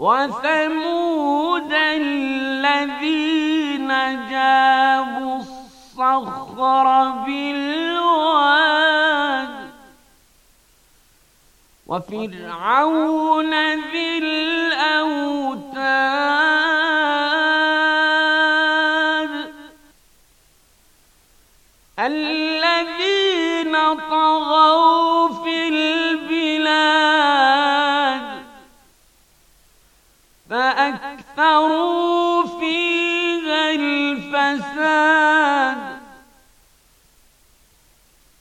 وثمود الذين جابوا الصخر بالواد وفرعون ذي الأوتاد فيها الفساد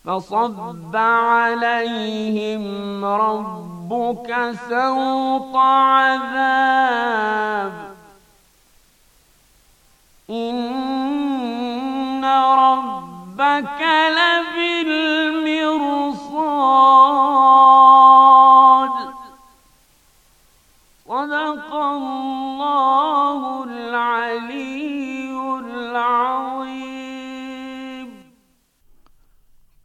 فصب عليهم ربك سوط عذاب إن ربك لبالمرصاد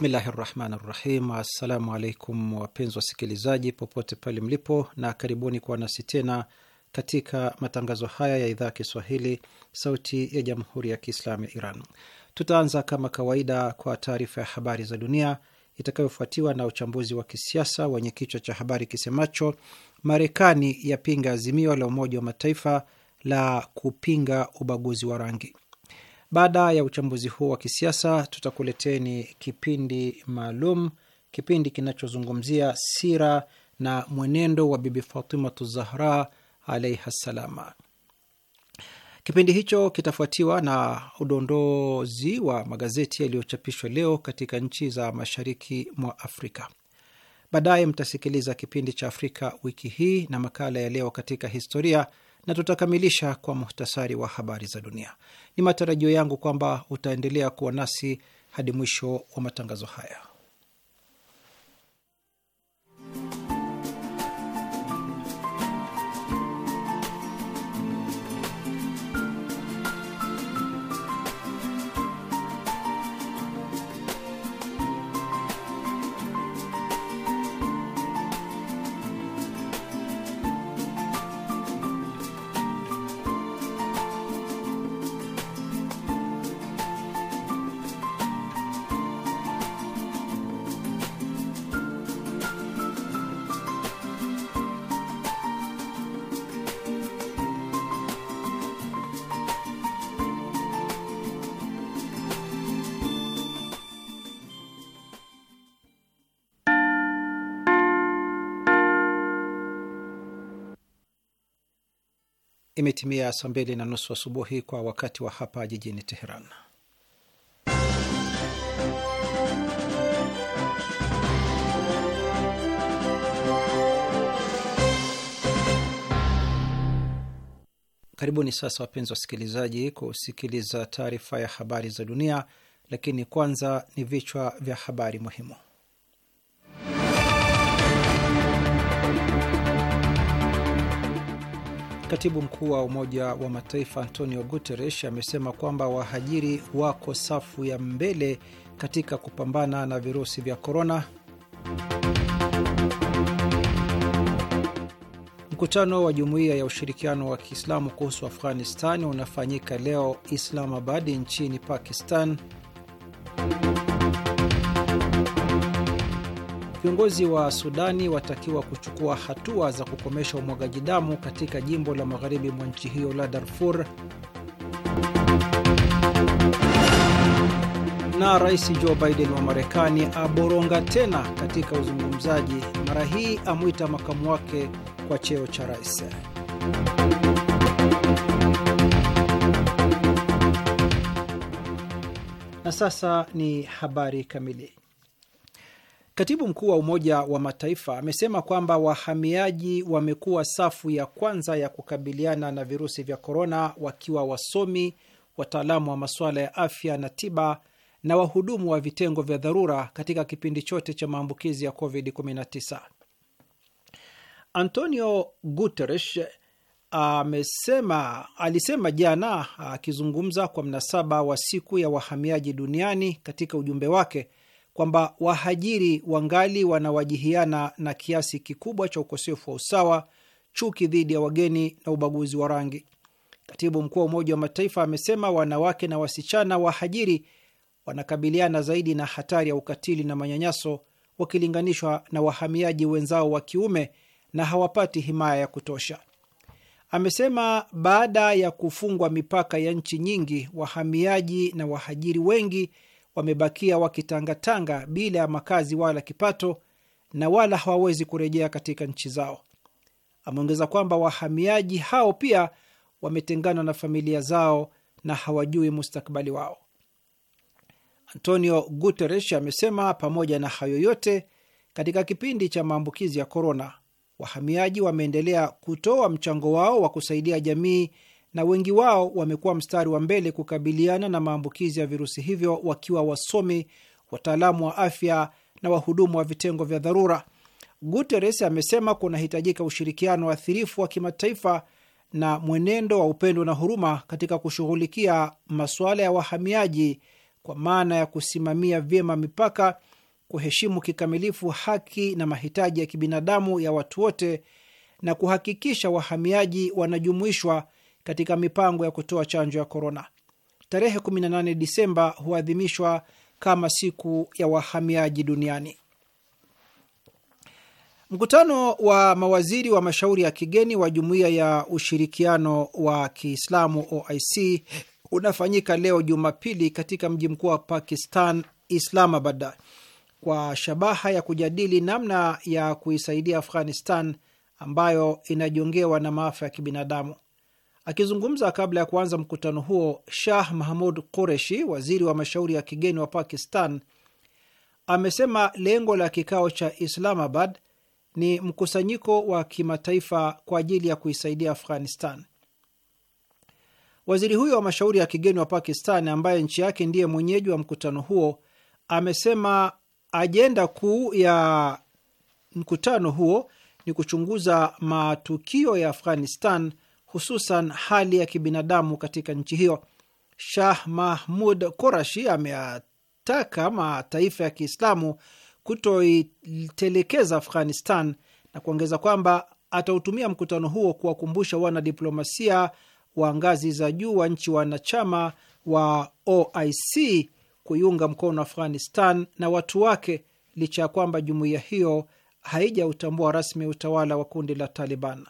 Bismillahi rahmani rahim. Assalamu alaikum wapenzi wasikilizaji popote pale mlipo, na karibuni kwa nasi tena katika matangazo haya ya idhaa ya Kiswahili, Sauti ya Jamhuri ya Kiislamu ya Iran. Tutaanza kama kawaida kwa taarifa ya habari za dunia itakayofuatiwa na uchambuzi wa kisiasa wenye kichwa cha habari kisemacho Marekani yapinga azimio la Umoja wa Mataifa la kupinga ubaguzi wa rangi. Baada ya uchambuzi huu wa kisiasa, tutakuleteni kipindi maalum, kipindi kinachozungumzia sira na mwenendo wa Bibi Fatimatu Zahra alaiha ssalama. Kipindi hicho kitafuatiwa na udondozi wa magazeti yaliyochapishwa leo katika nchi za mashariki mwa Afrika. Baadaye mtasikiliza kipindi cha Afrika wiki hii na makala ya leo katika historia na tutakamilisha kwa muhtasari wa habari za dunia. Ni matarajio yangu kwamba utaendelea kuwa nasi hadi mwisho wa matangazo haya. Imetimia saa mbili na nusu asubuhi wa kwa wakati wa hapa jijini Teheran. Karibuni sasa, wapenzi wasikilizaji, kusikiliza taarifa ya habari za dunia, lakini kwanza ni vichwa vya habari muhimu. Katibu mkuu wa Umoja wa Mataifa Antonio Guterres amesema kwamba wahajiri wako safu ya mbele katika kupambana na virusi vya korona. Mkutano wa Jumuiya ya Ushirikiano wa Kiislamu kuhusu Afghanistan unafanyika leo Islamabad nchini Pakistan. Viongozi wa Sudani watakiwa kuchukua hatua za kukomesha umwagaji damu katika jimbo la magharibi mwa nchi hiyo la Darfur. Na Rais Joe Biden wa Marekani aboronga tena katika uzungumzaji, mara hii amwita makamu wake kwa cheo cha rais. Na sasa ni habari kamili. Katibu mkuu wa Umoja wa Mataifa amesema kwamba wahamiaji wamekuwa safu ya kwanza ya kukabiliana na virusi vya korona, wakiwa wasomi, wataalamu wa masuala ya afya na tiba na wahudumu wa vitengo vya dharura katika kipindi chote cha maambukizi ya COVID-19. Antonio Guterres uh, amesema alisema jana uh, akizungumza kwa mnasaba wa siku ya wahamiaji duniani katika ujumbe wake kwamba wahajiri wangali wanawajihiana na kiasi kikubwa cha ukosefu wa usawa, chuki dhidi ya wageni na ubaguzi wa rangi. Katibu mkuu wa Umoja wa Mataifa amesema wanawake na wasichana wahajiri wanakabiliana zaidi na hatari ya ukatili na manyanyaso wakilinganishwa na wahamiaji wenzao wa kiume na hawapati himaya ya kutosha. Amesema baada ya kufungwa mipaka ya nchi nyingi, wahamiaji na wahajiri wengi wamebakia wakitangatanga bila ya makazi wala kipato na wala hawawezi kurejea katika nchi zao. Ameongeza kwamba wahamiaji hao pia wametengana na familia zao na hawajui mustakabali wao. Antonio Guterres amesema pamoja na hayo yote, katika kipindi cha maambukizi ya korona, wahamiaji wameendelea kutoa mchango wao wa kusaidia jamii na wengi wao wamekuwa mstari wa mbele kukabiliana na maambukizi ya virusi hivyo, wakiwa wasomi, wataalamu wa afya na wahudumu wa vitengo vya dharura. Guterres amesema kunahitajika ushirikiano athirifu wa kimataifa na mwenendo wa upendo na huruma katika kushughulikia masuala ya wahamiaji kwa maana ya kusimamia vyema mipaka, kuheshimu kikamilifu haki na mahitaji ya kibinadamu ya watu wote na kuhakikisha wahamiaji wanajumuishwa katika mipango ya kutoa chanjo ya korona. Tarehe 18 Disemba huadhimishwa kama siku ya wahamiaji duniani. Mkutano wa mawaziri wa mashauri ya kigeni wa Jumuiya ya Ushirikiano wa Kiislamu OIC unafanyika leo Jumapili katika mji mkuu wa Pakistan, Islamabad, kwa shabaha ya kujadili namna ya kuisaidia Afghanistan ambayo inajongewa na maafa ya kibinadamu. Akizungumza kabla ya kuanza mkutano huo, Shah Mahmud Qureshi, waziri wa mashauri ya kigeni wa Pakistan, amesema lengo la kikao cha Islamabad ni mkusanyiko wa kimataifa kwa ajili ya kuisaidia Afghanistan. Waziri huyo wa mashauri ya kigeni wa Pakistan, ambaye nchi yake ndiye mwenyeji wa mkutano huo, amesema ajenda kuu ya mkutano huo ni kuchunguza matukio ya Afghanistan hususan hali ya kibinadamu katika nchi hiyo. Shah Mahmud Korashi ameataka mataifa ya Kiislamu kutoitelekeza Afghanistan na kuongeza kwamba atautumia mkutano huo kuwakumbusha wanadiplomasia wa ngazi za juu wa nchi wanachama wa OIC kuiunga mkono Afghanistan na watu wake licha ya kwamba jumuiya hiyo haijautambua rasmi utawala wa kundi la Taliban.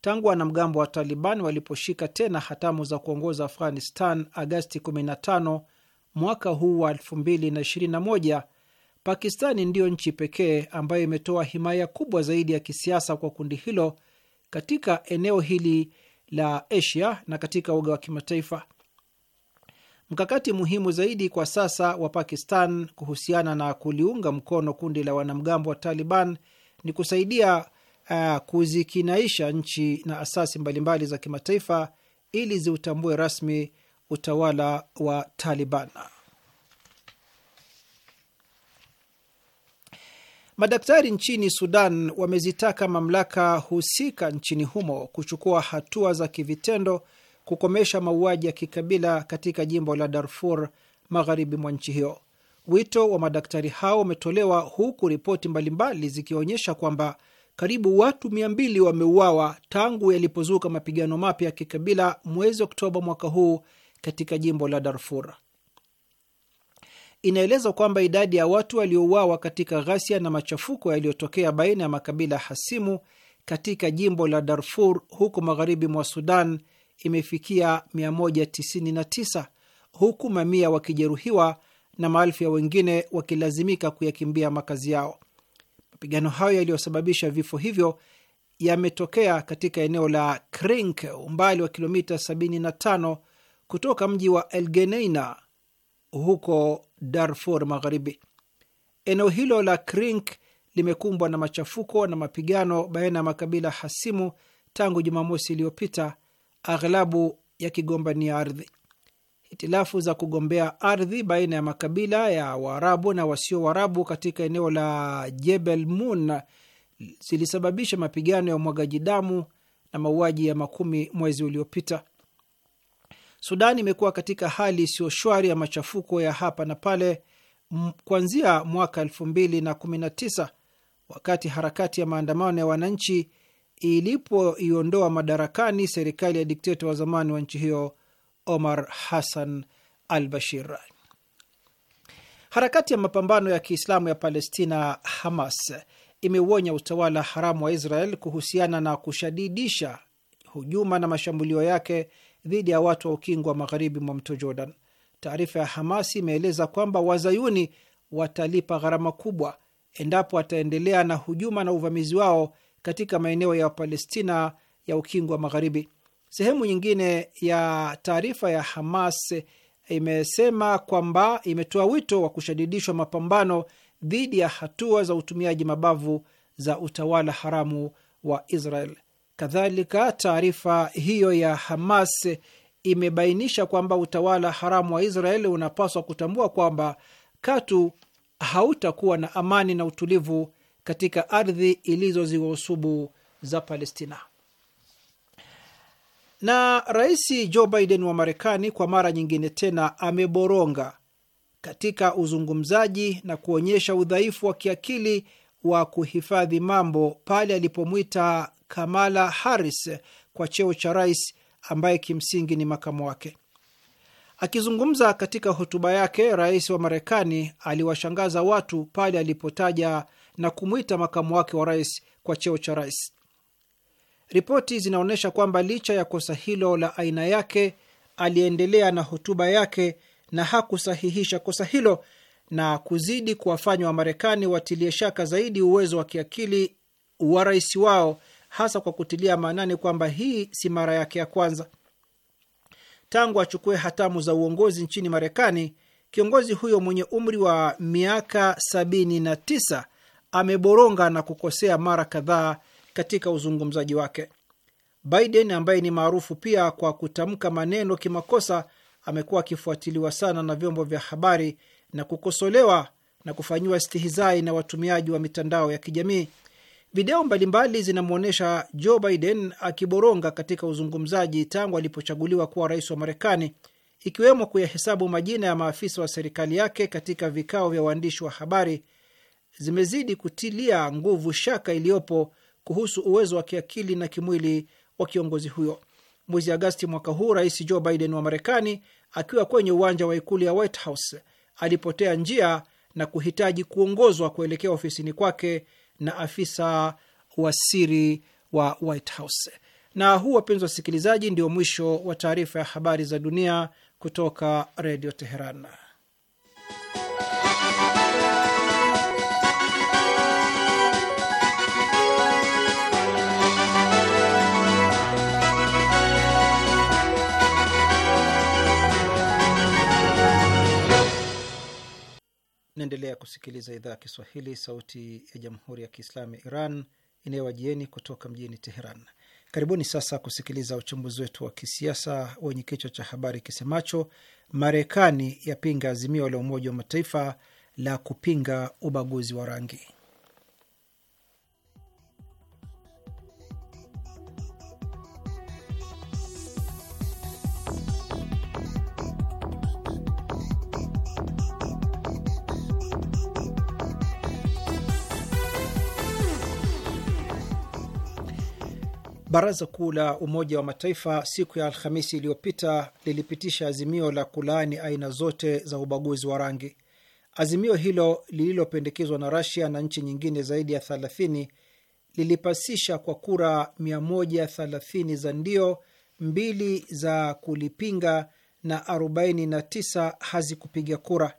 Tangu wanamgambo wa Taliban waliposhika tena hatamu za kuongoza Afghanistan Agasti 15 mwaka huu wa 2021, Pakistani ndiyo nchi pekee ambayo imetoa himaya kubwa zaidi ya kisiasa kwa kundi hilo katika eneo hili la Asia na katika uga wa kimataifa. Mkakati muhimu zaidi kwa sasa wa Pakistan kuhusiana na kuliunga mkono kundi la wanamgambo wa Taliban ni kusaidia uh, kuzikinaisha nchi na asasi mbalimbali za kimataifa ili ziutambue rasmi utawala wa Taliban. Madaktari nchini Sudan wamezitaka mamlaka husika nchini humo kuchukua hatua za kivitendo kukomesha mauaji ya kikabila katika jimbo la Darfur magharibi mwa nchi hiyo. Wito wa madaktari hao umetolewa huku ripoti mbalimbali zikionyesha kwamba karibu watu 200 wameuawa tangu yalipozuka mapigano mapya ya kikabila mwezi Oktoba mwaka huu katika jimbo la Darfur. Inaeleza kwamba idadi ya watu waliouawa katika ghasia na machafuko yaliyotokea baina ya makabila hasimu katika jimbo la Darfur huko magharibi mwa Sudan imefikia 199 huku mamia wakijeruhiwa na maelfu ya wengine wakilazimika kuyakimbia makazi yao. Mapigano hayo yaliyosababisha vifo hivyo yametokea katika eneo la Krink, umbali wa kilomita 75 kutoka mji wa Elgeneina huko Darfur Magharibi. Eneo hilo la Krink limekumbwa na machafuko na mapigano baina ya makabila hasimu tangu Jumamosi iliyopita, ya yakigombania ardhi. Hitilafu za kugombea ardhi baina ya makabila ya Waarabu na wasio Waarabu katika eneo la Jebel Mun zilisababisha mapigano ya umwagaji damu na mauaji ya makumi mwezi uliopita. Sudan imekuwa katika hali isiyo shwari ya machafuko ya hapa na pale kuanzia mwaka 2019 wakati harakati ya maandamano ya wananchi ilipoiondoa madarakani serikali ya dikteta wa zamani wa nchi hiyo Omar Hassan al Bashir. Harakati ya mapambano ya Kiislamu ya Palestina, Hamas, imeuonya utawala haramu wa Israel kuhusiana na kushadidisha hujuma na mashambulio yake dhidi ya watu wa ukingo wa magharibi mwa mto Jordan. Taarifa ya Hamas imeeleza kwamba wazayuni watalipa gharama kubwa endapo wataendelea na hujuma na uvamizi wao katika maeneo ya Palestina ya ukingo wa magharibi. Sehemu nyingine ya taarifa ya Hamas imesema kwamba imetoa wito wa kushadidishwa mapambano dhidi ya hatua za utumiaji mabavu za utawala haramu wa Israel. Kadhalika, taarifa hiyo ya Hamas imebainisha kwamba utawala haramu wa Israel unapaswa kutambua kwamba katu hautakuwa na amani na utulivu katika ardhi ilizoziwa usubu za Palestina. Na Rais Joe Biden wa Marekani kwa mara nyingine tena ameboronga katika uzungumzaji na kuonyesha udhaifu wa kiakili wa kuhifadhi mambo pale alipomwita Kamala Harris kwa cheo cha rais ambaye kimsingi ni makamu wake. Akizungumza katika hotuba yake, rais wa Marekani aliwashangaza watu pale alipotaja na kumwita makamu wake wa rais kwa cheo cha rais. Ripoti zinaonyesha kwamba licha ya kosa hilo la aina yake, aliendelea na hotuba yake na hakusahihisha kosa hilo na kuzidi kuwafanya Wamarekani watilie shaka zaidi uwezo wa kiakili wa rais wao, hasa kwa kutilia maanani kwamba hii si mara yake ya kwanza tangu achukue hatamu za uongozi nchini Marekani. Kiongozi huyo mwenye umri wa miaka 79 ameboronga na kukosea mara kadhaa katika uzungumzaji wake. Biden ambaye ni maarufu pia kwa kutamka maneno kimakosa, amekuwa akifuatiliwa sana na vyombo vya habari na kukosolewa na kufanyiwa stihizai na watumiaji wa mitandao ya kijamii. Video mbalimbali zinamwonyesha Joe Biden akiboronga katika uzungumzaji tangu alipochaguliwa kuwa rais wa Marekani, ikiwemo kuyahesabu majina ya maafisa wa serikali yake katika vikao vya waandishi wa habari, zimezidi kutilia nguvu shaka iliyopo kuhusu uwezo wa kiakili na kimwili wa kiongozi huyo. Mwezi Agasti mwaka huu, Rais Joe Biden wa Marekani akiwa kwenye uwanja wa ikulu ya White House alipotea njia na kuhitaji kuongozwa kuelekea ofisini kwake na afisa wa siri wa White House. Na huu, wapenzi wasikilizaji, ndio mwisho wa taarifa ya habari za dunia kutoka Redio Teheran. Naendelea kusikiliza idhaa ya Kiswahili, sauti ya jamhuri ya kiislamu ya Iran inayowajieni kutoka mjini Teheran. Karibuni sasa kusikiliza uchambuzi wetu wa kisiasa wenye kichwa cha habari kisemacho Marekani yapinga azimio la Umoja wa Mataifa la kupinga ubaguzi wa rangi. Baraza Kuu la Umoja wa Mataifa siku ya Alhamisi iliyopita lilipitisha azimio la kulaani aina zote za ubaguzi wa rangi. Azimio hilo lililopendekezwa na Rasia na nchi nyingine zaidi ya 30 lilipasisha kwa kura 130 za ndio, mbili za kulipinga na 49 hazikupiga kura.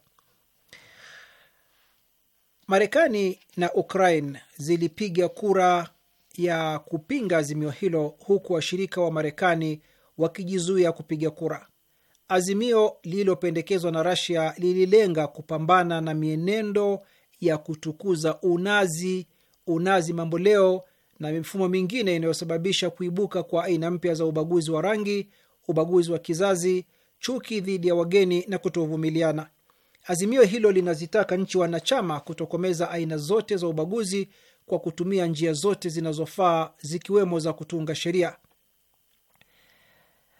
Marekani na Ukraine zilipiga kura ya kupinga azimio hilo huku washirika wa Marekani wakijizuia kupiga kura. Azimio lililopendekezwa na Rasia lililenga kupambana na mienendo ya kutukuza unazi, unazi mambo leo na mifumo mingine inayosababisha kuibuka kwa aina mpya za ubaguzi wa rangi, ubaguzi wa kizazi, chuki dhidi ya wageni na kutovumiliana. Azimio hilo linazitaka nchi wanachama kutokomeza aina zote za ubaguzi kwa kutumia njia zote zinazofaa zikiwemo za kutunga sheria.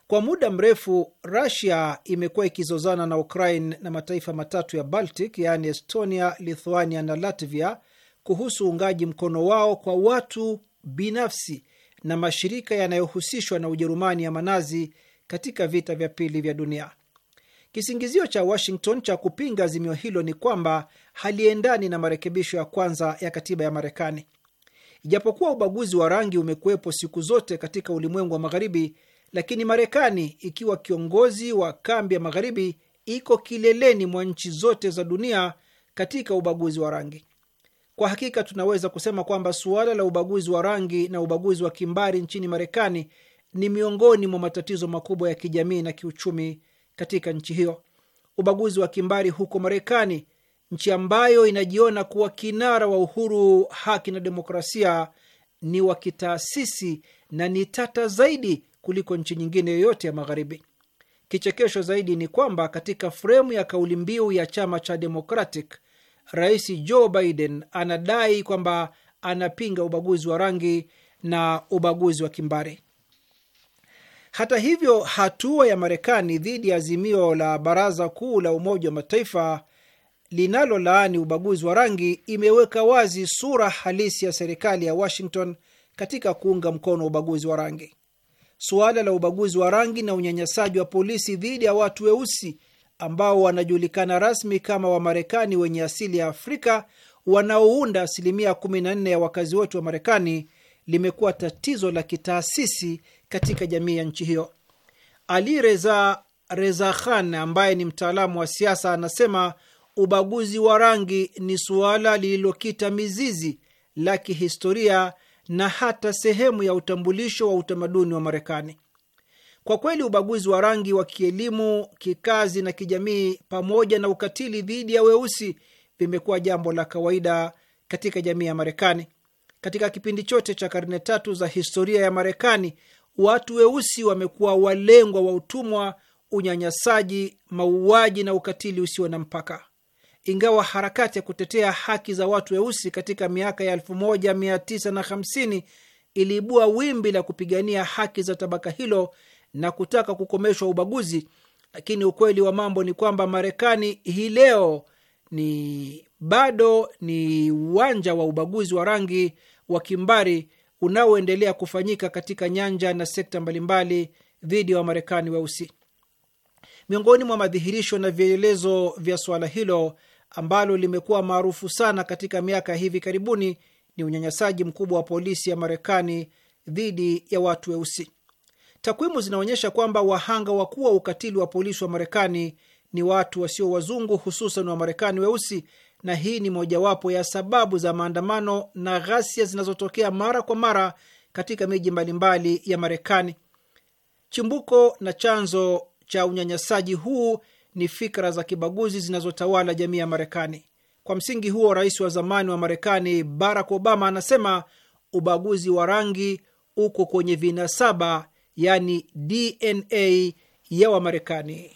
Kwa muda mrefu rusia imekuwa ikizozana na Ukraine na mataifa matatu ya Baltic, yaani Estonia, Lithuania na Latvia, kuhusu uungaji mkono wao kwa watu binafsi na mashirika yanayohusishwa na Ujerumani ya manazi katika vita vya pili vya dunia. Kisingizio cha Washington cha kupinga azimio hilo ni kwamba haliendani na marekebisho ya kwanza ya katiba ya Marekani. Ijapokuwa ubaguzi wa rangi umekuwepo siku zote katika ulimwengu wa Magharibi, lakini Marekani ikiwa kiongozi wa kambi ya Magharibi iko kileleni mwa nchi zote za dunia katika ubaguzi wa rangi. Kwa hakika tunaweza kusema kwamba suala la ubaguzi wa rangi na ubaguzi wa kimbari nchini Marekani ni miongoni mwa matatizo makubwa ya kijamii na kiuchumi katika nchi hiyo. Ubaguzi wa kimbari huko Marekani, nchi ambayo inajiona kuwa kinara wa uhuru, haki na demokrasia, ni wa kitaasisi na ni tata zaidi kuliko nchi nyingine yoyote ya Magharibi. Kichekesho zaidi ni kwamba katika fremu ya kauli mbiu ya chama cha Democratic, Rais Joe Biden anadai kwamba anapinga ubaguzi wa rangi na ubaguzi wa kimbari. Hata hivyo, hatua ya Marekani dhidi ya azimio la Baraza Kuu la Umoja wa Mataifa linalolaani ubaguzi wa rangi imeweka wazi sura halisi ya serikali ya Washington katika kuunga mkono ubaguzi wa rangi. Suala la ubaguzi wa rangi na unyanyasaji wa polisi dhidi ya watu weusi ambao wanajulikana rasmi kama Wamarekani wenye asili ya Afrika wanaounda asilimia 14 ya wakazi wote wa Marekani limekuwa tatizo la kitaasisi katika jamii ya nchi hiyo. Ali Reza Reza Khan ambaye ni mtaalamu wa siasa anasema ubaguzi wa rangi ni suala lililokita mizizi la kihistoria na hata sehemu ya utambulisho wa utamaduni wa Marekani. Kwa kweli, ubaguzi wa rangi wa kielimu, kikazi na kijamii, pamoja na ukatili dhidi ya weusi vimekuwa jambo la kawaida katika jamii ya Marekani. Katika kipindi chote cha karne tatu za historia ya Marekani, watu weusi wamekuwa walengwa wa utumwa, unyanyasaji, mauaji na ukatili usio na mpaka. Ingawa harakati ya kutetea haki za watu weusi katika miaka ya 1950 iliibua wimbi la kupigania haki za tabaka hilo na kutaka kukomeshwa ubaguzi, lakini ukweli wa mambo ni kwamba Marekani hii leo ni bado ni uwanja wa ubaguzi wa rangi wa kimbari unaoendelea kufanyika katika nyanja na sekta mbalimbali dhidi ya Wamarekani weusi. Miongoni mwa madhihirisho na vielelezo vya suala hilo ambalo limekuwa maarufu sana katika miaka hivi karibuni ni unyanyasaji mkubwa wa polisi ya Marekani dhidi ya watu weusi. Takwimu zinaonyesha kwamba wahanga wakuu wa ukatili wa polisi wa Marekani ni watu wasio wazungu, hususan Wamarekani weusi na hii ni mojawapo ya sababu za maandamano na ghasia zinazotokea mara kwa mara katika miji mbalimbali ya Marekani. Chimbuko na chanzo cha unyanyasaji huu ni fikra za kibaguzi zinazotawala jamii ya Marekani. Kwa msingi huo, rais wa zamani wa Marekani Barack Obama anasema ubaguzi wa rangi uko kwenye vinasaba, yaani DNA ya Wamarekani.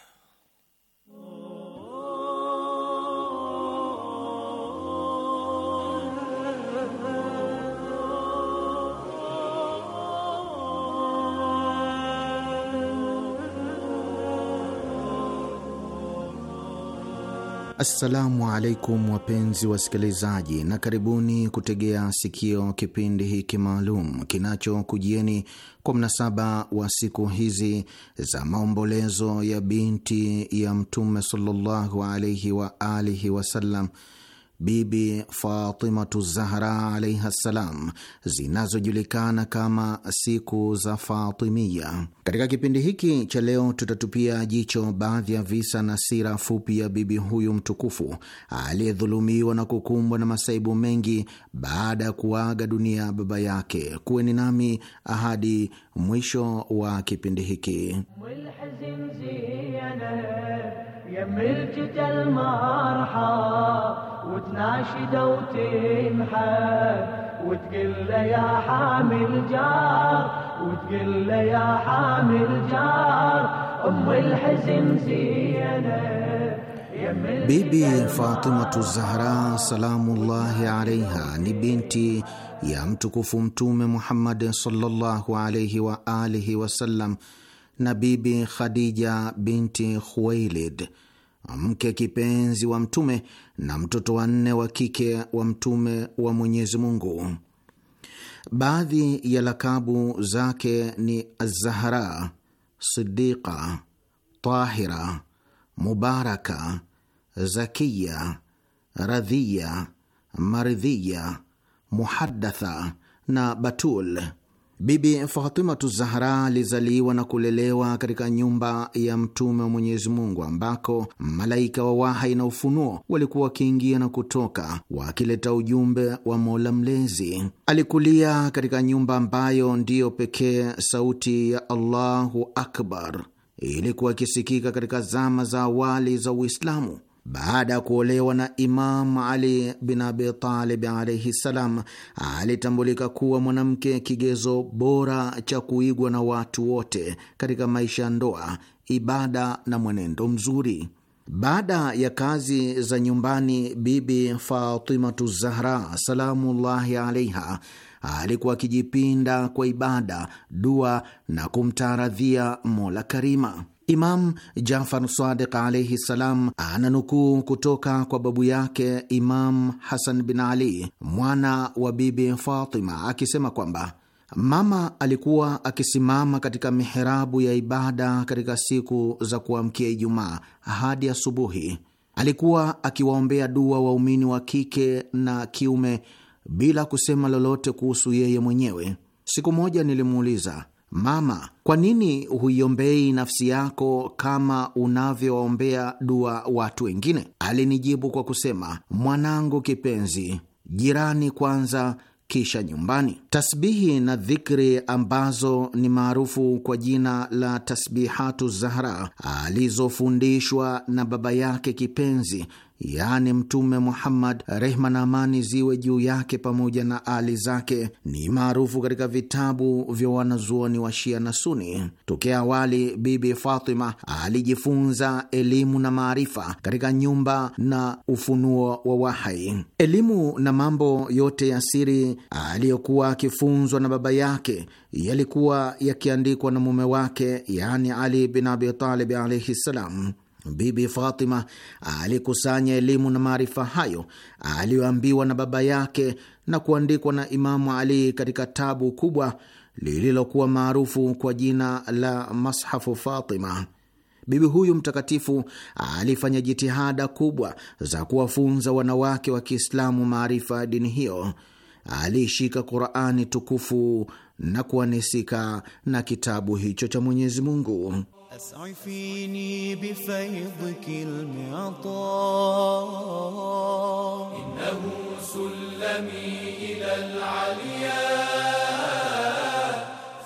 Assalamu alaikum wapenzi wasikilizaji, na karibuni kutegea sikio kipindi hiki maalum kinachokujieni kwa mnasaba wa siku hizi za maombolezo ya binti ya Mtume sallallahu alaihi waalihi wasallam Bibi Fatimatu Zahra alaiha ssalam zinazojulikana kama siku za Fatimia. Katika kipindi hiki cha leo, tutatupia jicho baadhi ya visa na sira fupi ya bibi huyu mtukufu aliyedhulumiwa na kukumbwa na masaibu mengi baada ya kuaga dunia baba yake. Kuweni nami hadi mwisho wa kipindi hiki. ناشدة وتمحى وتقل له يا حامل جار وتقل له يا حامل جار أم الحزن زينة Bibi Fatimatu Zahra salamullahi alaiha ni binti ya mtukufu Mtume Muhammad sallallahu alaihi wa alihi wasallam na Bibi Khadija binti Khuwailid mke kipenzi wa Mtume na mtoto wa nne wa kike wa Mtume wa Mwenyezi Mungu. Baadhi ya lakabu zake ni Azahara, Sidiqa, Tahira, Mubaraka, Zakiya, Radhiya, Maridhiya, Muhadatha na Batul. Bibi Fatimatu Zahra alizaliwa na kulelewa katika nyumba ya Mtume wa Mwenyezi Mungu ambako malaika wa wahai na ufunuo walikuwa wakiingia na kutoka wakileta ujumbe wa Mola Mlezi. Alikulia katika nyumba ambayo ndiyo pekee sauti ya Allahu Akbar ilikuwa ikisikika katika zama za awali za Uislamu. Baada ya kuolewa na Imam Ali bin Abi Talib alaihi ssalam, alitambulika kuwa mwanamke kigezo bora cha kuigwa na watu wote katika maisha ya ndoa, ibada na mwenendo mzuri. Baada ya kazi za nyumbani, Bibi Fatimatu Zahra salamullahi alaiha alikuwa akijipinda kwa ibada, dua na kumtaaradhia Mola Karima. Imam Jafar Sadiq alaihi ssalam ananukuu kutoka kwa babu yake Imam Hasan bin Ali mwana wa Bibi Fatima akisema kwamba mama alikuwa akisimama katika miherabu ya ibada katika siku za kuamkia Ijumaa hadi asubuhi. Alikuwa akiwaombea dua waumini wa kike na kiume bila kusema lolote kuhusu yeye mwenyewe. Siku moja nilimuuliza Mama, kwa nini huiombei nafsi yako kama unavyowaombea dua watu wengine? Alinijibu kwa kusema, mwanangu kipenzi, jirani kwanza kisha nyumbani. Tasbihi na dhikri ambazo ni maarufu kwa jina la tasbihatu Zahra alizofundishwa na baba yake kipenzi yaani Mtume Muhammad, rehma na amani ziwe juu yake pamoja na ali zake, ni maarufu katika vitabu vya wanazuoni wa Shia na Suni. Tokea awali, Bibi Fatima alijifunza elimu na maarifa katika nyumba na ufunuo wa wahai. Elimu na mambo yote ya siri aliyokuwa akifunzwa na baba yake yalikuwa yakiandikwa na mume wake, yaani Ali bin Abi Talib alaihi ssalam. Bibi Fatima alikusanya elimu na maarifa hayo aliyoambiwa na baba yake na kuandikwa na Imamu Ali katika tabu kubwa lililokuwa maarufu kwa jina la Mashafu Fatima. Bibi huyu mtakatifu alifanya jitihada kubwa za kuwafunza wanawake wa Kiislamu maarifa ya dini hiyo. Alishika Qurani tukufu na kuanisika na kitabu hicho cha Mwenyezi Mungu. أسعفيني بفيضك المعطاء إنه سلمي إلى العلياء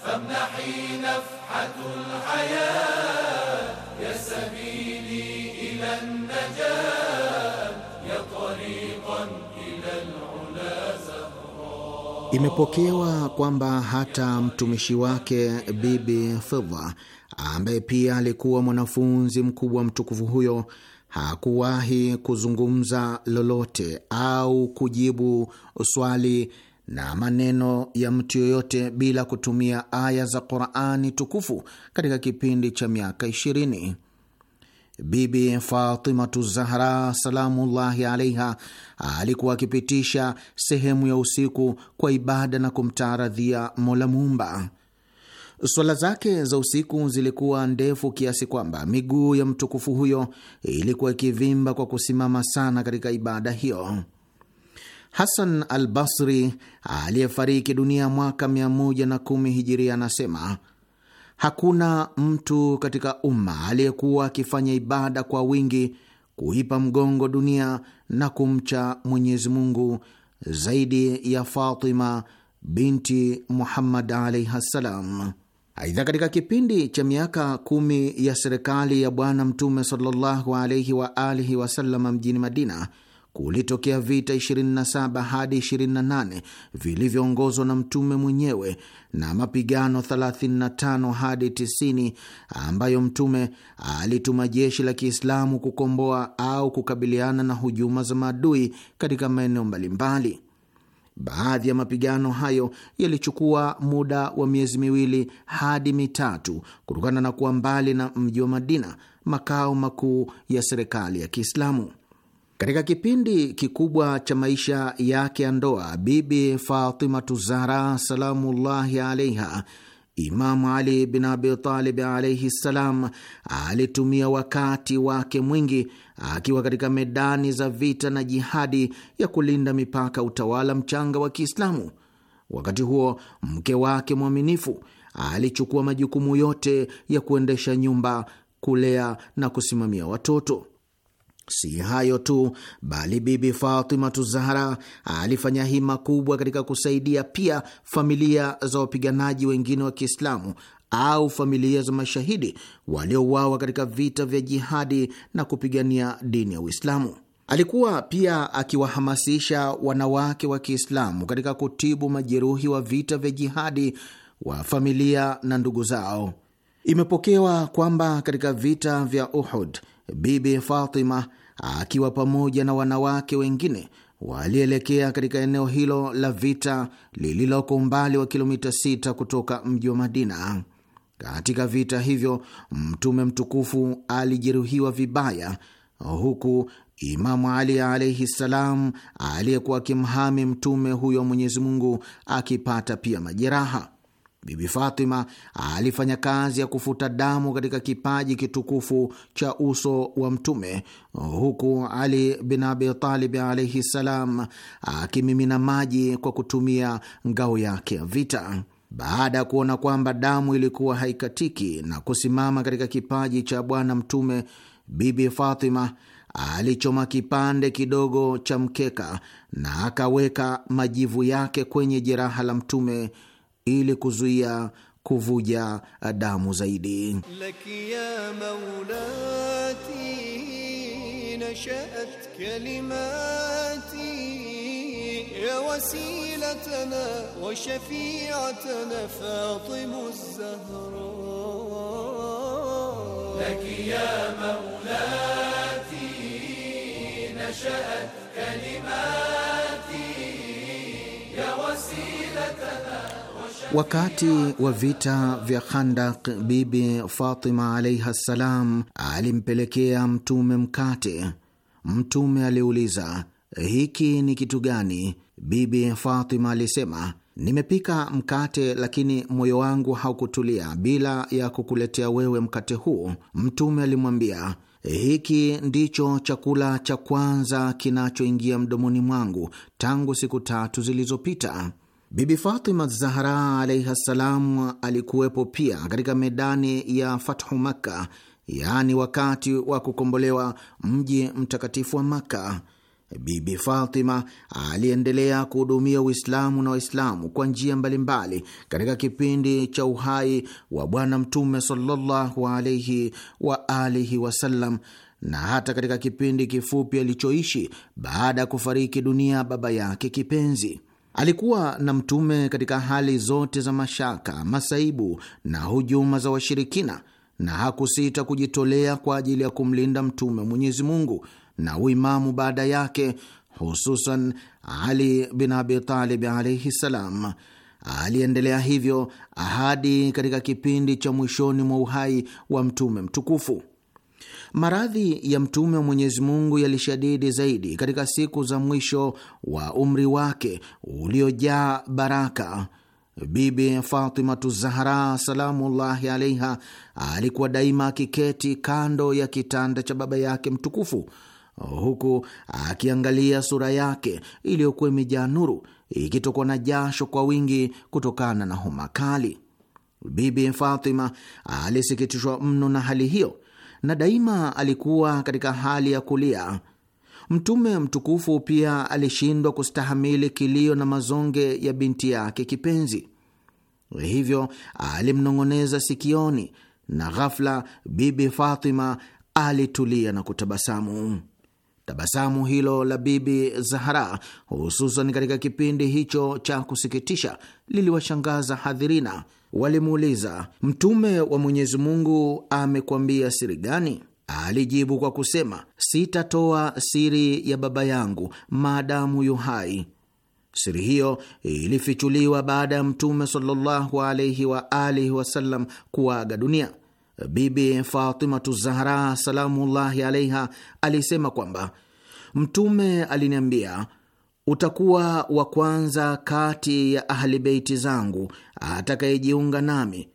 فامنحي نفحة الحياة يا سبيلي إلى النجاة يا طريقا إلى العلا زهراء Imepokewa kwamba hata mtumishi wake Bibi Fidha ambaye pia alikuwa mwanafunzi mkubwa wa mtukufu huyo hakuwahi kuzungumza lolote au kujibu swali na maneno ya mtu yoyote bila kutumia aya za Qurani tukufu katika kipindi cha miaka ishirini. Bibi Fatimatu Zahra salamullahi alaiha alikuwa akipitisha sehemu ya usiku kwa ibada na kumtaaradhia Mola Muumba. Swala zake za usiku zilikuwa ndefu kiasi kwamba miguu ya mtukufu huyo ilikuwa ikivimba kwa kusimama sana katika ibada hiyo. Hasan al Basri aliyefariki dunia mwaka 110 Hijiria anasema hakuna mtu katika umma aliyekuwa akifanya ibada kwa wingi, kuipa mgongo dunia na kumcha Mwenyezi Mungu zaidi ya Fatima binti Muhammad alaihi ssalam. Aidha, katika kipindi cha miaka kumi ya serikali ya Bwana Mtume sallallahu alaihi wa alihi wasallam mjini Madina kulitokea vita 27 hadi 28 vilivyoongozwa na mtume mwenyewe na mapigano 35 hadi 90 ambayo mtume alituma jeshi la Kiislamu kukomboa au kukabiliana na hujuma za maadui katika maeneo mbalimbali. Baadhi ya mapigano hayo yalichukua muda wa miezi miwili hadi mitatu kutokana na kuwa mbali na mji wa Madina, makao makuu ya serikali ya Kiislamu. Katika kipindi kikubwa cha maisha yake ya ndoa, Bibi Fatimatu Zahra salamullahi alaiha Imamu Ali bin Abi Talib alaihi ssalam alitumia wakati wake mwingi akiwa katika medani za vita na jihadi ya kulinda mipaka utawala mchanga wa Kiislamu. Wakati huo mke wake mwaminifu alichukua majukumu yote ya kuendesha nyumba, kulea na kusimamia watoto. Si hayo tu, bali Bibi Fatimatu Zahra alifanya hima kubwa katika kusaidia pia familia za wapiganaji wengine wa Kiislamu au familia za mashahidi waliouawa katika vita vya jihadi na kupigania dini ya Uislamu. Alikuwa pia akiwahamasisha wanawake wa Kiislamu katika kutibu majeruhi wa vita vya jihadi wa familia na ndugu zao. Imepokewa kwamba katika vita vya Uhud Bibi Fatima akiwa pamoja na wanawake wengine walielekea katika eneo hilo la vita lililoko umbali wa kilomita sita kutoka mji wa Madina. Katika vita hivyo Mtume mtukufu alijeruhiwa vibaya, huku Imamu Ali alaihi ssalam, aliyekuwa akimhami mtume huyo Mwenyezi Mungu, akipata pia majeraha. Bibi Fatima alifanya kazi ya kufuta damu katika kipaji kitukufu cha uso wa Mtume, huku Ali bin Abi Talib alaihi ssalam akimimina maji kwa kutumia ngao yake ya vita. Baada ya kuona kwamba damu ilikuwa haikatiki na kusimama katika kipaji cha Bwana Mtume, Bibi Fatima alichoma kipande kidogo cha mkeka na akaweka majivu yake kwenye jeraha la Mtume ili kuzuia kuvuja damu zaidi. Wakati wa vita vya Khandak, Bibi Fatima alaihi ssalam alimpelekea Mtume mkate. Mtume aliuliza, hiki ni kitu gani? Bibi Fatima alisema, nimepika mkate, lakini moyo wangu haukutulia bila ya kukuletea wewe mkate huu. Mtume alimwambia, hiki ndicho chakula cha kwanza kinachoingia mdomoni mwangu tangu siku tatu zilizopita. Bibi Fatima Zahra alaihi ssalam alikuwepo pia katika medani ya Fathu Makka, yaani wakati wa kukombolewa mji mtakatifu wa Makka. Bibi Fatima aliendelea kuhudumia Uislamu na Waislamu kwa njia mbalimbali katika kipindi cha uhai wa Bwana Mtume sallallahu alaihi wa alihi wasallam na hata katika kipindi kifupi alichoishi baada ya kufariki dunia baba yake kipenzi. Alikuwa na mtume katika hali zote za mashaka, masaibu na hujuma za washirikina, na hakusita kujitolea kwa ajili ya kumlinda mtume wa Mwenyezi Mungu na uimamu baada yake, hususan Ali bin Abi Talib alaihi ssalam. Aliendelea hivyo ahadi katika kipindi cha mwishoni mwa uhai wa mtume mtukufu. Maradhi ya Mtume wa Mwenyezi Mungu yalishadidi zaidi katika siku za mwisho wa umri wake uliojaa baraka. Bibi Fatimatu Zahra salamullahi alaiha alikuwa daima akiketi kando ya kitanda cha baba yake mtukufu, huku akiangalia sura yake iliyokuwa imejaa nuru, ikitokwa na jasho kwa wingi kutokana na homa kali. Bibi Fatima alisikitishwa mno na hali hiyo na daima alikuwa katika hali ya kulia. Mtume mtukufu pia alishindwa kustahamili kilio na mazonge ya binti yake kipenzi, hivyo alimnong'oneza sikioni, na ghafla Bibi Fatima alitulia na kutabasamu. Tabasamu hilo la Bibi Zahara, hususan katika kipindi hicho cha kusikitisha, liliwashangaza hadhirina. Walimuuliza, Mtume wa Mwenyezi Mungu amekwambia siri gani? Alijibu kwa kusema, sitatoa siri ya baba yangu maadamu yu hai. Siri hiyo ilifichuliwa baada ya Mtume sallallahu alaihi wa alihi wasallam kuaga dunia. Bibi Fatimatu Zahra salamullahi alaiha alisema kwamba Mtume aliniambia, utakuwa wa kwanza kati ya ahli beiti zangu atakayejiunga nami,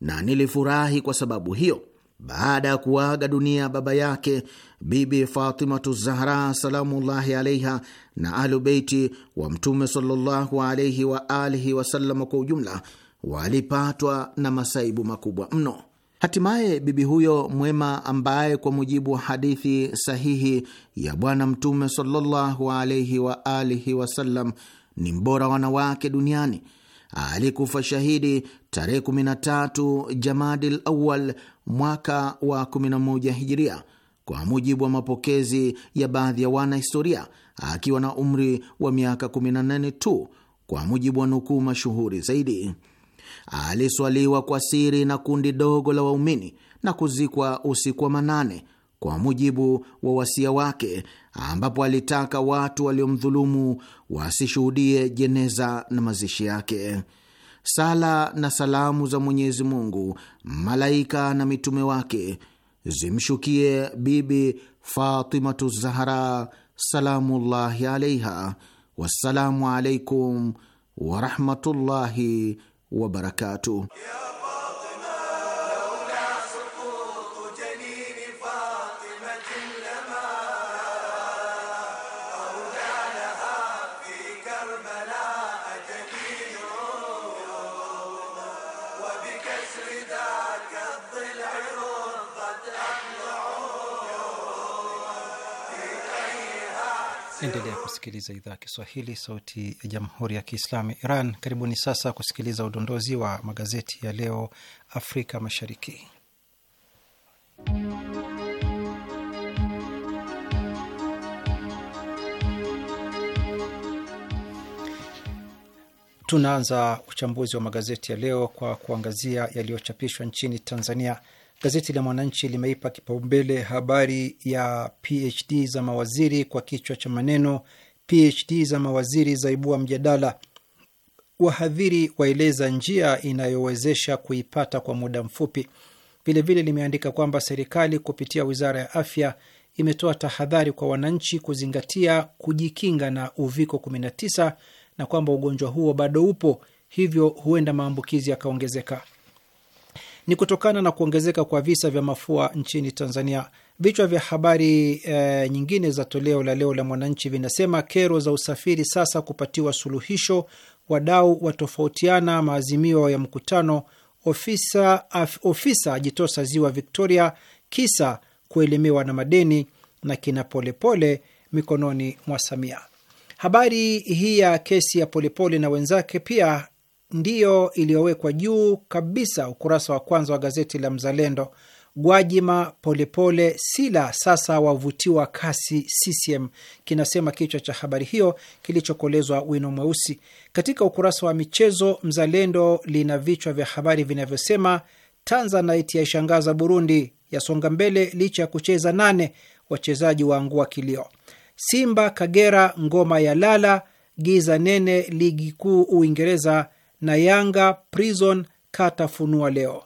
na nilifurahi kwa sababu hiyo. Baada ya kuaga dunia baba yake Bibi Fatimatu Zahra salamullahi alaiha na ahlu beiti wa Mtume sallallahu alaihi wa alihi wasallam kwa ujumla walipatwa na masaibu makubwa mno. Hatimaye bibi huyo mwema ambaye kwa mujibu wa hadithi sahihi ya Bwana Mtume sallallahu alaihi wa alihi wasallam ni mbora wanawake duniani alikufa shahidi tarehe 13 Jamadil Awal mwaka wa 11 Hijiria, kwa mujibu wa mapokezi ya baadhi ya wanahistoria, akiwa na umri wa miaka 18 tu, kwa mujibu wa nukuu mashuhuri zaidi aliswaliwa kwa siri na kundi dogo la waumini na kuzikwa usiku wa manane kwa mujibu wa wasia wake, ambapo alitaka watu waliomdhulumu wasishuhudie jeneza na mazishi yake. Sala na salamu za Mwenyezi Mungu, malaika na mitume wake zimshukie Bibi Fatimatu Zahra salamullahi alaiha. Wassalamu alaikum warahmatullahi wabarakatuh. kusikiliza idhaa ya Kiswahili, sauti ya jamhuri ya kiislamu Iran. Karibuni sasa kusikiliza udondozi wa magazeti ya leo Afrika Mashariki. Tunaanza uchambuzi wa magazeti ya leo kwa kuangazia yaliyochapishwa nchini Tanzania. Gazeti la Mwananchi limeipa kipaumbele habari ya PhD za mawaziri kwa kichwa cha maneno PhD za mawaziri zaibua mjadala, wahadhiri waeleza njia inayowezesha kuipata kwa muda mfupi. Vilevile limeandika kwamba serikali kupitia wizara ya afya imetoa tahadhari kwa wananchi kuzingatia kujikinga na uviko 19 na kwamba ugonjwa huo bado upo, hivyo huenda maambukizi yakaongezeka. Ni kutokana na kuongezeka kwa visa vya mafua nchini Tanzania. Vichwa vya habari e, nyingine za toleo la leo la Mwananchi vinasema kero za usafiri sasa kupatiwa suluhisho, wadau watofautiana maazimio ya mkutano, ofisa, af, ofisa ajitosa ziwa Victoria, kisa kuelemewa na madeni, na kina Polepole mikononi mwa Samia. Habari hii ya kesi ya Polepole na wenzake pia ndiyo iliyowekwa juu kabisa ukurasa wa kwanza wa gazeti la Mzalendo Gwajima Polepole Sila sasa wavutiwa kasi CCM, kinasema kichwa cha habari hiyo kilichokolezwa wino mweusi. Katika ukurasa wa michezo, Mzalendo lina vichwa vya habari vinavyosema: Tanzanite yaishangaza Burundi, yasonga mbele licha ya kucheza nane, wachezaji waangua kilio, Simba Kagera ngoma ya lala, giza nene ligi kuu Uingereza, na Yanga prison katafunua leo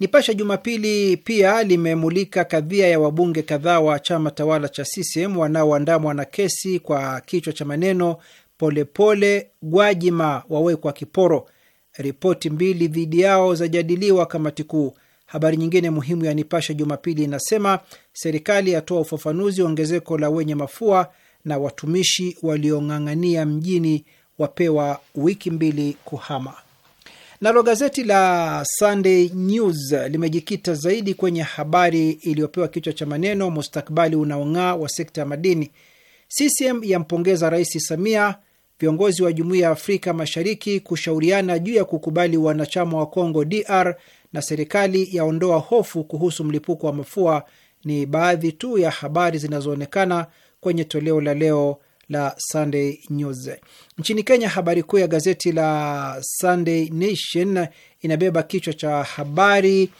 Nipasha Jumapili pia limemulika kadhia ya wabunge kadhaa wa chama tawala cha CCM wanaoandamwa na kesi kwa kichwa cha maneno Polepole Gwajima wawekwa kiporo, ripoti mbili dhidi yao zajadiliwa kamati kuu. Habari nyingine muhimu ya Nipasha Jumapili inasema serikali yatoa ufafanuzi ongezeko la wenye mafua na watumishi waliong'ang'ania mjini wapewa wiki mbili kuhama. Nalo gazeti la Sunday News limejikita zaidi kwenye habari iliyopewa kichwa cha maneno mustakabali unaong'aa wa sekta ya madini, CCM yampongeza Rais Samia, viongozi wa Jumuiya ya Afrika Mashariki kushauriana juu ya kukubali wanachama wa Congo DR, na serikali yaondoa hofu kuhusu mlipuko wa mafua, ni baadhi tu ya habari zinazoonekana kwenye toleo la leo la Sunday News. Nchini Kenya, habari kuu ya gazeti la Sunday Nation inabeba kichwa cha habari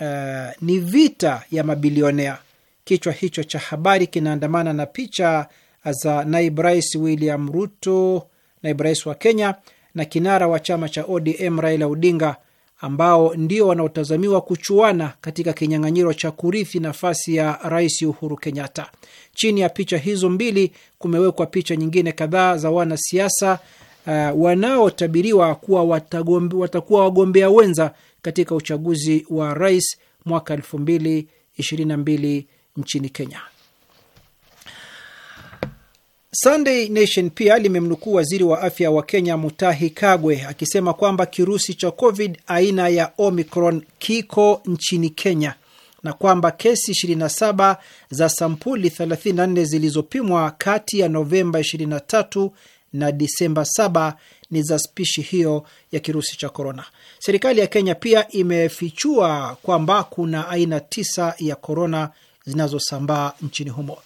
uh, ni vita ya mabilionea. Kichwa hicho cha habari kinaandamana na picha za naibu rais William Ruto, naibu rais wa Kenya, na kinara wa chama cha ODM Raila Odinga ambao ndio wanaotazamiwa kuchuana katika kinyang'anyiro cha kurithi nafasi ya Rais Uhuru Kenyatta. Chini ya picha hizo mbili kumewekwa picha nyingine kadhaa za wanasiasa uh, wanaotabiriwa kuwa watagombe, watakuwa wagombea wenza katika uchaguzi wa rais mwaka e222 nchini Kenya. Sunday Nation pia limemnukuu waziri wa afya wa Kenya Mutahi Kagwe akisema kwamba kirusi cha COVID aina ya Omicron kiko nchini Kenya na kwamba kesi 27 za sampuli 34 zilizopimwa kati ya Novemba 23 na Disemba 7 ni za spishi hiyo ya kirusi cha korona. Serikali ya Kenya pia imefichua kwamba kuna aina tisa ya korona zinazosambaa nchini humo.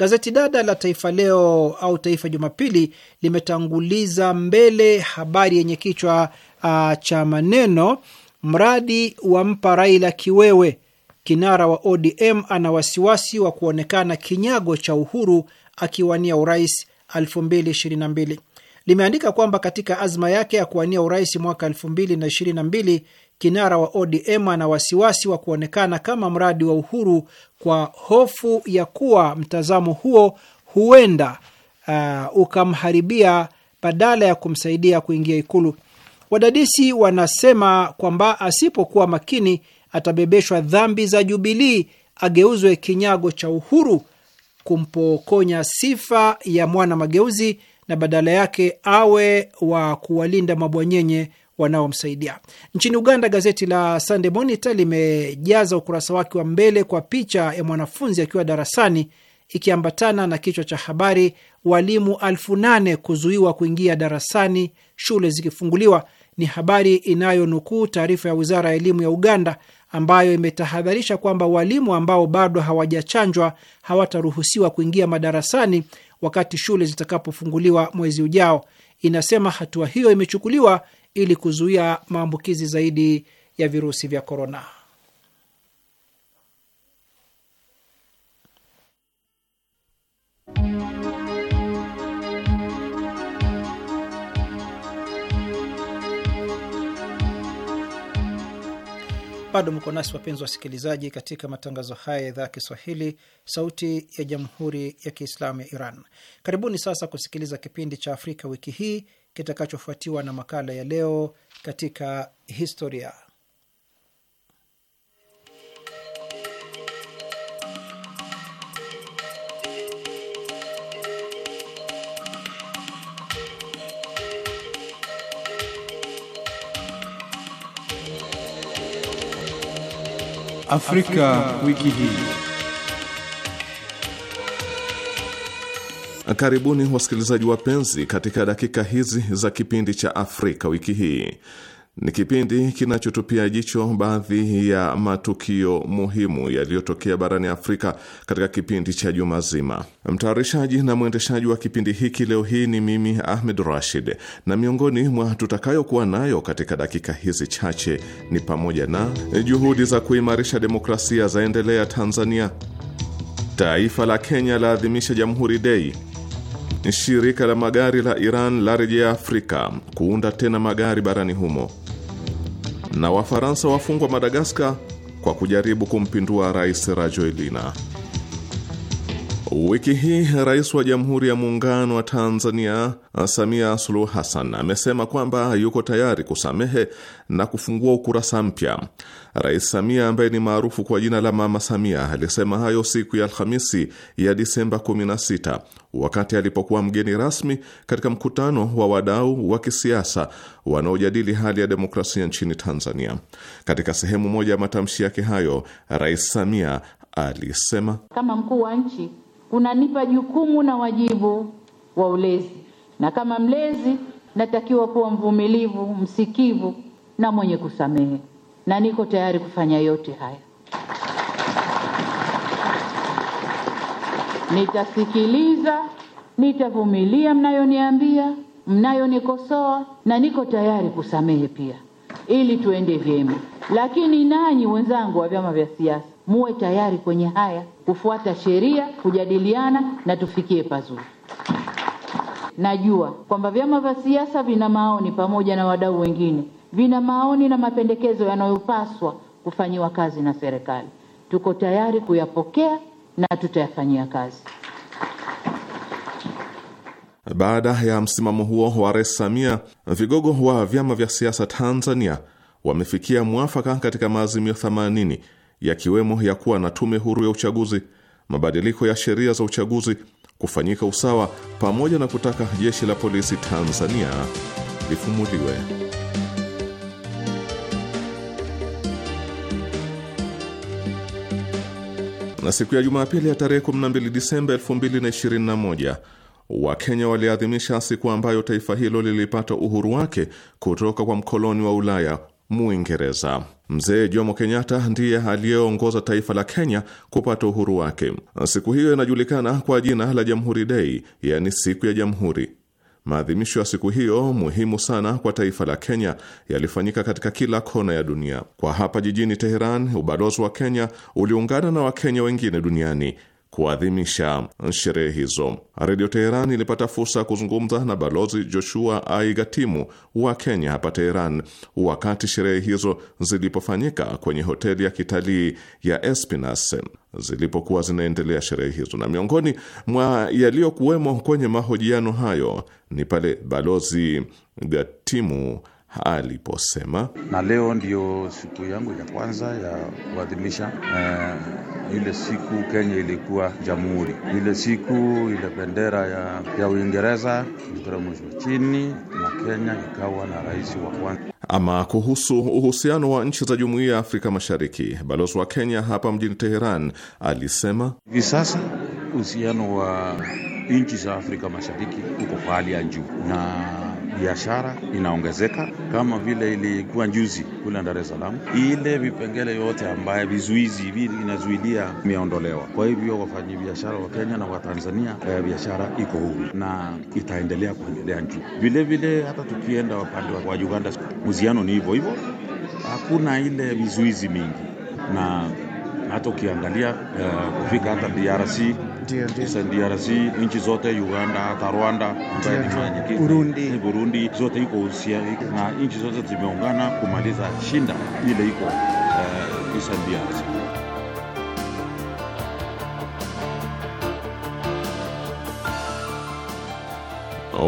Gazeti dada la Taifa Leo au Taifa Jumapili limetanguliza mbele habari yenye kichwa uh, cha maneno mradi wa mpa Raila kiwewe, kinara wa ODM ana wasiwasi wa kuonekana kinyago cha Uhuru akiwania urais 2022. Limeandika kwamba katika azma yake ya kuwania urais mwaka 2022 kinara wa ODM ana wasiwasi wa kuonekana kama mradi wa Uhuru kwa hofu ya kuwa mtazamo huo huenda uh, ukamharibia badala ya kumsaidia kuingia Ikulu. Wadadisi wanasema kwamba asipokuwa makini atabebeshwa dhambi za Jubilii, ageuzwe kinyago cha Uhuru kumpokonya sifa ya mwana mageuzi na badala yake awe wa kuwalinda mabwanyenye wanaomsaidia. Nchini Uganda, gazeti la Sunday Monitor limejaza ukurasa wake wa mbele kwa picha ya mwanafunzi akiwa darasani ikiambatana na kichwa cha habari, walimu elfu nane kuzuiwa kuingia darasani shule zikifunguliwa. Ni habari inayonukuu taarifa ya wizara ya elimu ya Uganda ambayo imetahadharisha kwamba walimu ambao bado hawajachanjwa hawataruhusiwa kuingia madarasani wakati shule zitakapofunguliwa mwezi ujao. Inasema hatua hiyo imechukuliwa ili kuzuia maambukizi zaidi ya virusi vya korona. Bado mko nasi wapenzi wasikilizaji, katika matangazo haya ya idhaa ya Kiswahili, Sauti ya Jamhuri ya Kiislamu ya Iran. Karibuni sasa kusikiliza kipindi cha Afrika Wiki Hii kitakachofuatiwa na makala ya leo katika historia. Afrika, Afrika wiki hii. Karibuni wasikilizaji wapenzi, katika dakika hizi za kipindi cha Afrika wiki hii. Ni kipindi kinachotupia jicho baadhi ya matukio muhimu yaliyotokea barani Afrika katika kipindi cha juma zima. Mtayarishaji na mwendeshaji wa kipindi hiki leo hii ni mimi Ahmed Rashid, na miongoni mwa tutakayokuwa nayo katika dakika hizi chache ni pamoja na juhudi za kuimarisha demokrasia zaendelea Tanzania, taifa la Kenya laadhimisha Jamhuri Dei shirika la magari la Iran la rejea Afrika kuunda tena magari barani humo, na Wafaransa wafungwa Madagaskar kwa kujaribu kumpindua Rais Rajoelina. Wiki hii Rais wa Jamhuri ya Muungano wa Tanzania uh, Samia Suluhu Hassan amesema kwamba yuko tayari kusamehe na kufungua ukurasa mpya. Rais Samia ambaye ni maarufu kwa jina la Mama Samia alisema hayo siku ya Alhamisi ya Disemba 16 wakati alipokuwa mgeni rasmi katika mkutano wa wadau wa kisiasa wanaojadili hali ya demokrasia nchini Tanzania. Katika sehemu moja ya matamshi yake hayo, Rais Samia alisema kama mkuu wa nchi kunanipa jukumu na wajibu wa ulezi, na kama mlezi natakiwa kuwa mvumilivu, msikivu na mwenye kusamehe, na niko tayari kufanya yote haya. Nitasikiliza, nitavumilia mnayoniambia, mnayonikosoa, na niko tayari kusamehe pia, ili tuende vyema. Lakini nanyi wenzangu wa vyama vya siasa, muwe tayari kwenye haya kufuata sheria, kujadiliana na tufikie pazuri. Najua kwamba vyama vya siasa vina maoni pamoja na wadau wengine, vina maoni na mapendekezo yanayopaswa kufanyiwa kazi na serikali. Tuko tayari kuyapokea na tutayafanyia kazi. Baada ya msimamo huo wa Rais Samia, vigogo wa vyama vya siasa Tanzania wamefikia mwafaka katika maazimio yakiwemo ya kuwa na tume huru ya uchaguzi, mabadiliko ya sheria za uchaguzi, kufanyika usawa, pamoja na kutaka jeshi la polisi Tanzania lifumuliwe. Na siku ya Jumapili ya tarehe 12 Disemba 2021 Wakenya waliadhimisha siku ambayo taifa hilo lilipata uhuru wake kutoka kwa mkoloni wa Ulaya Muingereza. Mzee Jomo Kenyatta ndiye aliyeongoza taifa la Kenya kupata uhuru wake. Siku hiyo inajulikana kwa jina la Jamhuri Day, yaani siku ya Jamhuri. Maadhimisho ya siku hiyo muhimu sana kwa taifa la Kenya yalifanyika katika kila kona ya dunia. Kwa hapa jijini Teheran, ubalozi wa Kenya uliungana na Wakenya wengine duniani kuadhimisha sherehe hizo. Redio Teheran ilipata fursa ya kuzungumza na Balozi Joshua Aigatimu wa Kenya hapa Teheran wakati sherehe hizo zilipofanyika kwenye hoteli ya kitalii ya Espinas zilipokuwa zinaendelea sherehe hizo, na miongoni mwa yaliyokuwemo kwenye mahojiano hayo ni pale Balozi Gatimu aliposema, na leo ndiyo siku yangu ya kwanza ya kuadhimisha eh, ile siku Kenya ilikuwa jamhuri. Ile siku ile bendera ya, ya Uingereza iliteremshwa chini na Kenya ikawa na rais wa kwanza. Ama kuhusu uhusiano wa nchi za jumuiya ya Afrika Mashariki, balozi wa Kenya hapa mjini Teheran alisema hivi sasa uhusiano wa nchi za Afrika Mashariki uko kwa hali ya juu na biashara inaongezeka kama vile ilikuwa juzi kule Dar es Salaam. Ile vipengele yote ambaye vizuizi hivi inazuilia imeondolewa. Kwa hivyo biashara wa Kenya na wa Tanzania, eh, biashara iko huru na itaendelea kuendelea njuu vile vile. Hata tukienda upande wa Uganda, muziano ni hivyo hivyo, hakuna ile vizuizi mingi, na hata ukiangalia eh, kufika hata DRC DRC, nchi zote Uganda, hata Rwanda Burundi. Burundi zote iko usia na nchi zote zimeungana kumaliza shinda ile iko uh, eh, DRC.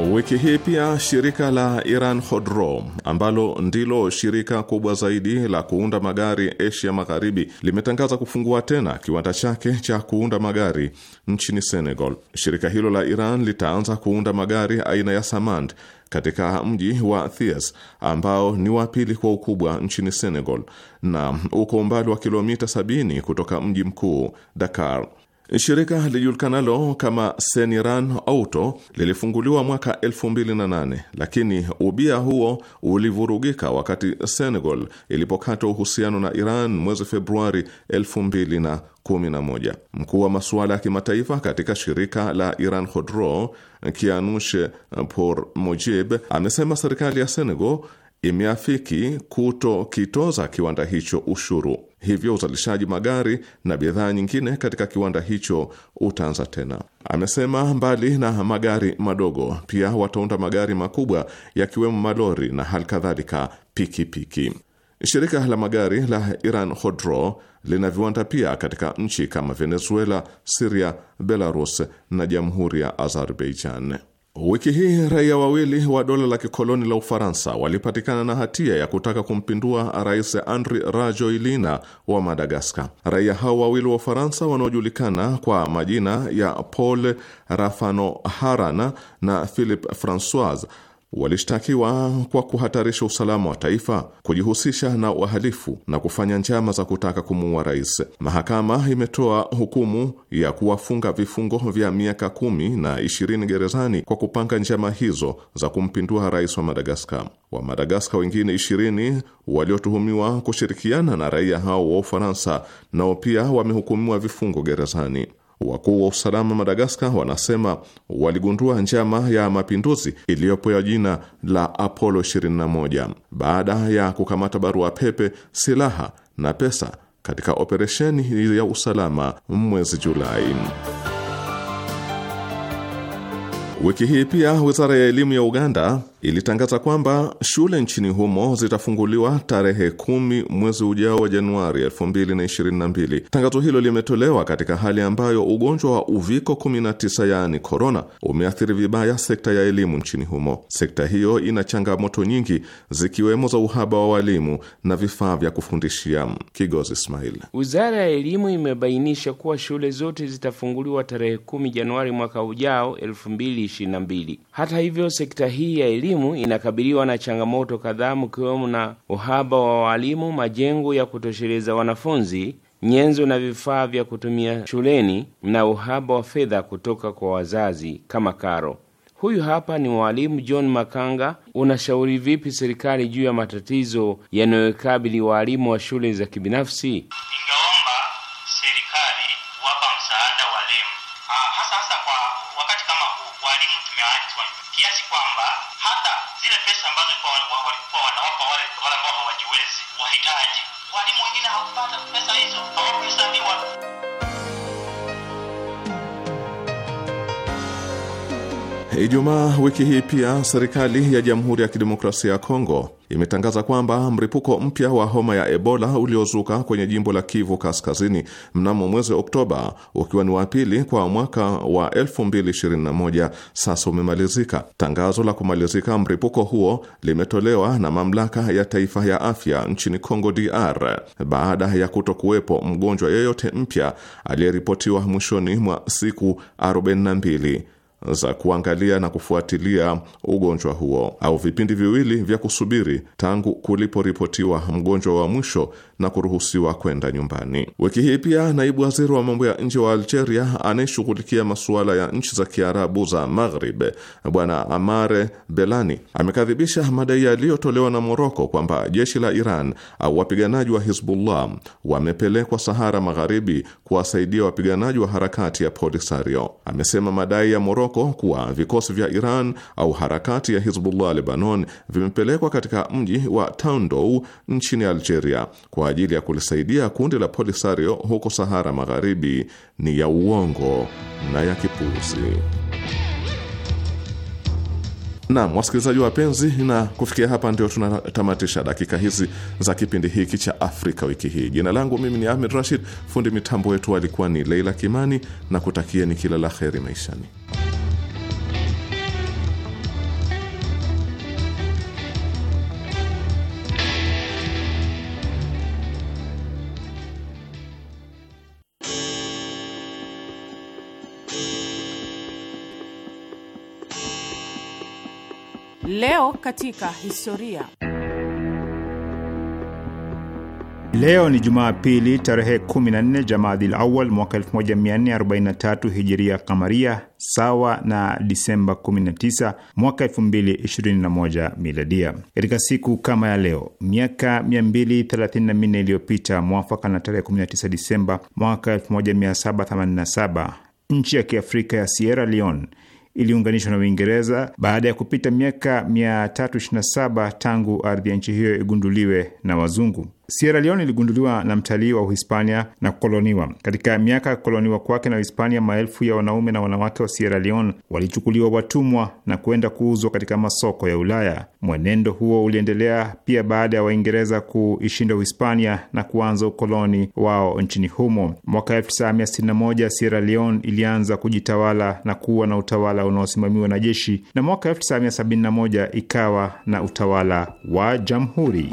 Wiki hii pia shirika la Iran Khodro ambalo ndilo shirika kubwa zaidi la kuunda magari Asia Magharibi limetangaza kufungua tena kiwanda chake cha kuunda magari nchini Senegal. Shirika hilo la Iran litaanza kuunda magari aina ya Samand katika mji wa Thies ambao ni wa pili kwa ukubwa nchini Senegal na uko umbali wa kilomita 70 kutoka mji mkuu Dakar. Shirika lijulikanalo kama Seniran Auto lilifunguliwa mwaka 2008 lakini ubia huo ulivurugika wakati Senegal ilipokatwa uhusiano na Iran mwezi Februari 2011. Mkuu wa masuala ya kimataifa katika shirika la Iran Khodro, Kianush Por Mojib, amesema serikali ya Senegal imeafiki kutokitoza kiwanda hicho ushuru hivyo uzalishaji magari na bidhaa nyingine katika kiwanda hicho utaanza tena. Amesema mbali na magari madogo, pia wataunda magari makubwa yakiwemo malori na hali kadhalika pikipiki. Shirika la magari la Iran Hodro lina viwanda pia katika nchi kama Venezuela, Siria, Belarus na jamhuri ya Azerbaijan. Wiki hii raia wawili wa dola la kikoloni la Ufaransa walipatikana na hatia ya kutaka kumpindua Rais Andry Rajoelina wa Madagaskar. Raia hao wawili wa Ufaransa wanaojulikana kwa majina ya Paul harana na Philip Francois walishtakiwa kwa kuhatarisha usalama wa taifa, kujihusisha na uhalifu na kufanya njama za kutaka kumuua rais. Mahakama imetoa hukumu ya kuwafunga vifungo vya miaka kumi na ishirini gerezani kwa kupanga njama hizo za kumpindua rais wa Madagaskar. Wa Madagaskar wengine ishirini waliotuhumiwa kushirikiana na raia hao wa Ufaransa nao pia wamehukumiwa vifungo gerezani. Wakuu wa usalama Madagaskar wanasema waligundua njama ya mapinduzi iliyopewa jina la Apollo 21 baada ya kukamata barua pepe, silaha na pesa katika operesheni ya usalama mwezi Julai. Wiki hii pia wizara ya elimu ya Uganda ilitangaza kwamba shule nchini humo zitafunguliwa tarehe kumi mwezi ujao wa Januari 2022. Tangazo hilo limetolewa katika hali ambayo ugonjwa wa uviko 19, yaani korona, umeathiri vibaya sekta ya elimu nchini humo. Sekta hiyo ina changamoto nyingi zikiwemo za uhaba wa walimu na vifaa vya kufundishia. Kigozi Ismail. Wizara ya elimu imebainisha kuwa shule zote zitafunguliwa tarehe 1 Januari mwaka ujao 2022. Hata hivyo, sekta hii ya elimu inakabiliwa na changamoto kadhaa, mkiwemo na uhaba wa walimu, majengo ya kutosheleza wanafunzi, nyenzo na vifaa vya kutumia shuleni, na uhaba wa fedha kutoka kwa wazazi kama karo. Huyu hapa ni mwalimu John Makanga. Unashauri vipi serikali juu ya matatizo yanayokabili walimu wa shule za kibinafsi? mwalimu wengine hakupata pesa hizo, hawakuhesabu Ijumaa wiki hii pia serikali ya Jamhuri ya Kidemokrasia ya Kongo imetangaza kwamba mlipuko mpya wa homa ya Ebola uliozuka kwenye jimbo la Kivu Kaskazini mnamo mwezi Oktoba, ukiwa ni wa pili kwa mwaka wa 2021 sasa umemalizika. Tangazo la kumalizika mlipuko huo limetolewa na mamlaka ya taifa ya afya nchini Kongo DR baada ya kuto kuwepo mgonjwa yeyote mpya aliyeripotiwa mwishoni mwa siku 42 za kuangalia na kufuatilia ugonjwa huo au vipindi viwili vya kusubiri tangu kuliporipotiwa mgonjwa wa mwisho na kuruhusiwa kwenda nyumbani. Wiki hii pia naibu waziri wa mambo ya nje wa Algeria anayeshughulikia masuala ya nchi za Kiarabu za Maghrib, Bwana Amare Belani amekadhibisha madai yaliyotolewa na Moroko kwamba jeshi la Iran au wapiganaji wa Hizbullah wamepelekwa Sahara Magharibi kuwasaidia wapiganaji wa harakati ya Polisario. Amesema madai ya Moroko kuwa vikosi vya Iran au harakati ya Hizbullah Lebanon vimepelekwa katika mji wa Tandou nchini Algeria kwa ajili ya kulisaidia kundi la Polisario huko Sahara Magharibi ni ya uongo na ya kipuuzi. Nam, wasikilizaji wapenzi, na kufikia hapa ndio tunatamatisha dakika hizi za kipindi hiki cha Afrika wiki hii. Jina langu mimi ni Ahmed Rashid, fundi mitambo wetu alikuwa ni Leila Kimani, na kutakieni kila la heri maishani. Leo katika historia. Leo ni Jumapili tarehe 14 jamaadil Awal mwaka 1443 hijiria kamaria, sawa na Disemba 19 mwaka 2021 miladia. Katika siku kama ya leo miaka 234 iliyopita, mwafaka na tarehe 19 Disemba mwaka 1787, nchi ya kiafrika ya Sierra Leone iliunganishwa na Uingereza baada ya kupita miaka 327 tangu ardhi ya nchi hiyo igunduliwe na wazungu. Sierra Leone iligunduliwa na mtalii wa Uhispania na kukoloniwa. Katika miaka ya kukoloniwa kwake na Uhispania, maelfu ya wanaume na wanawake wa Sierra Leone walichukuliwa watumwa na kwenda kuuzwa katika masoko ya Ulaya. Mwenendo huo uliendelea pia baada ya Waingereza kuishinda Uhispania na kuanza ukoloni wao nchini humo. Mwaka 1961 Sierra Leone ilianza kujitawala na kuwa na utawala unaosimamiwa na jeshi na mwaka 1971 ikawa na utawala wa jamhuri.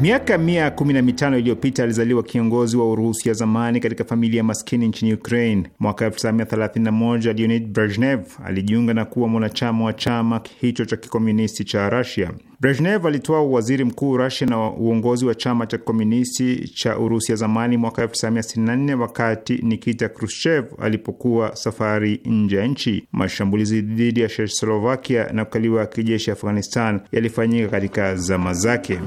Miaka mia kumi na mitano iliyopita alizaliwa kiongozi wa Urusi ya zamani katika familia maskini nchini Ukraine. Mwaka 1931 Leonid Brezhnev alijiunga na kuwa mwanachama wa chama hicho cha kikomunisti cha Rasia. Brezhnev alitoa uwaziri mkuu Rasia na uongozi wa chama cha kikomunisti cha Urusi ya zamani mwaka 1964 wakati Nikita Khrushchev alipokuwa safari nje ya nchi. Mashambulizi dhidi ya Chekoslovakia na kukaliwa kijeshi Afghanistan yalifanyika katika zama zake.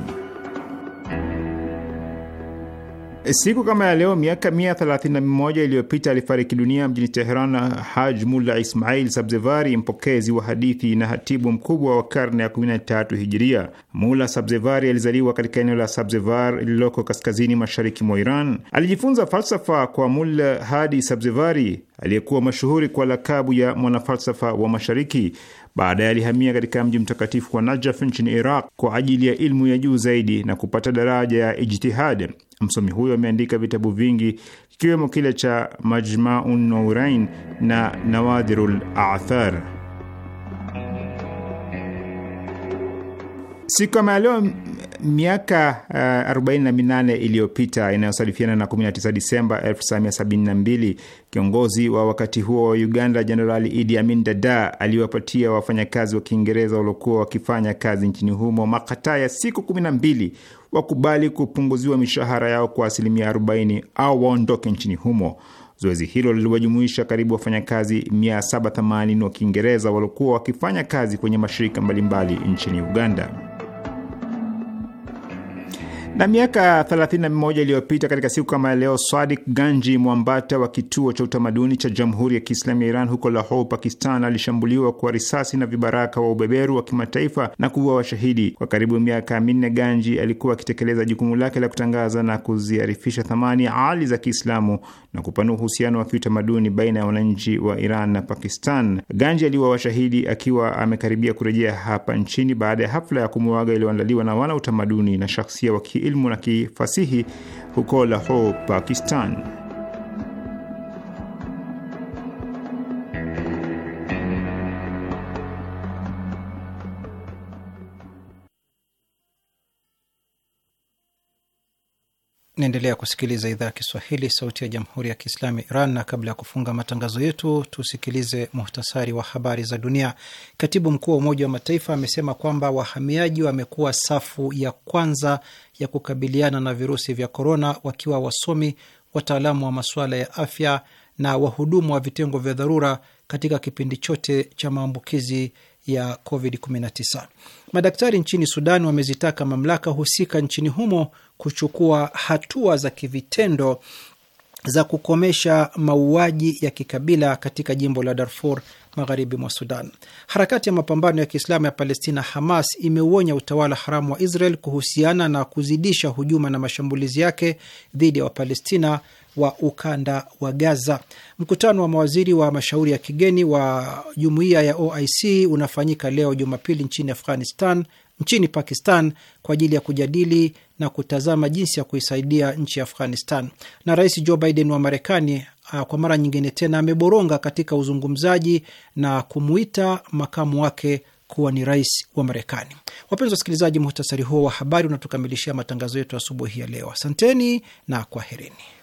Eh, siku kama ya leo miaka 131 iliyopita alifariki dunia mjini Teheran Haj Mulla Ismail Sabzevari, mpokezi wa hadithi na hatibu mkubwa wa karne ya 13 Hijiria. Mulla Sabzevari alizaliwa katika eneo la Sabzevar lililoko kaskazini mashariki mwa Iran. Alijifunza falsafa kwa Mulla Hadi Sabzevari aliyekuwa mashuhuri kwa lakabu ya mwanafalsafa wa Mashariki. Baadaye alihamia katika mji mtakatifu wa Najaf nchini Iraq kwa ajili ya ilmu ya juu zaidi na kupata daraja ya ijtihad. Msomi huyo ameandika vitabu vingi kikiwemo kile cha Majmaun Nourain na Nawadhirul Athar. Siku kama ya leo miaka uh, 48 iliyopita inayosadifiana na 19 Disemba 1972, kiongozi wa wakati huo wa Uganda Jenerali Idi Amin Dada aliwapatia wafanyakazi wa Kiingereza waliokuwa wakifanya kazi nchini humo makataa ya siku 12 wakubali kupunguziwa mishahara yao kwa asilimia 40 au waondoke nchini humo. Zoezi hilo liliwajumuisha karibu wafanyakazi 780 wa Kiingereza waliokuwa wakifanya kazi kwenye mashirika mbalimbali nchini Uganda. Na miaka 31 iliyopita katika siku kama leo, Sadik Ganji, mwambata wa kituo cha utamaduni cha Jamhuri ya Kiislamu ya Iran huko Lahore, Pakistan, alishambuliwa kwa risasi na vibaraka wa ubeberu wa kimataifa na kuua washahidi. Kwa karibu miaka minne, Ganji alikuwa akitekeleza jukumu lake la kutangaza na kuziarifisha thamani ali za Kiislamu na kupanua uhusiano wa kiutamaduni baina ya wananchi wa Iran na Pakistan. Ganji aliwa washahidi akiwa amekaribia kurejea hapa nchini baada ya hafla ya kumuaga iliyoandaliwa na wana utamaduni na shahsia wa ilmu na kifasihi huko Lahore, Pakistan. Naendelea kusikiliza idhaa ya Kiswahili, sauti ya jamhuri ya kiislamu ya Iran. Na kabla ya kufunga matangazo yetu, tusikilize muhtasari wa habari za dunia. Katibu mkuu wa Umoja wa Mataifa amesema kwamba wahamiaji wamekuwa safu ya kwanza ya kukabiliana na virusi vya korona, wakiwa wasomi, wataalamu wa masuala ya afya na wahudumu wa vitengo vya dharura katika kipindi chote cha maambukizi ya COVID-19. Madaktari nchini Sudan wamezitaka mamlaka husika nchini humo kuchukua hatua za kivitendo za kukomesha mauaji ya kikabila katika jimbo la Darfur magharibi mwa Sudan. Harakati ya mapambano ya Kiislamu ya Palestina, Hamas, imeuonya utawala haramu wa Israel kuhusiana na kuzidisha hujuma na mashambulizi yake dhidi ya Wapalestina wa ukanda wa Gaza. Mkutano wa mawaziri wa mashauri ya kigeni wa jumuiya ya OIC unafanyika leo Jumapili nchini Afghanistan, nchini Pakistan kwa ajili ya kujadili na kutazama jinsi ya kuisaidia nchi ya Afghanistan. Na Rais Joe Biden wa Marekani ah, kwa mara nyingine tena ameboronga katika uzungumzaji na kumuita makamu wake kuwa ni rais wa Marekani. Wapenzi wasikilizaji, muhtasari huo wa habari unatukamilishia matangazo yetu asubuhi ya leo. Asanteni na kwaherini.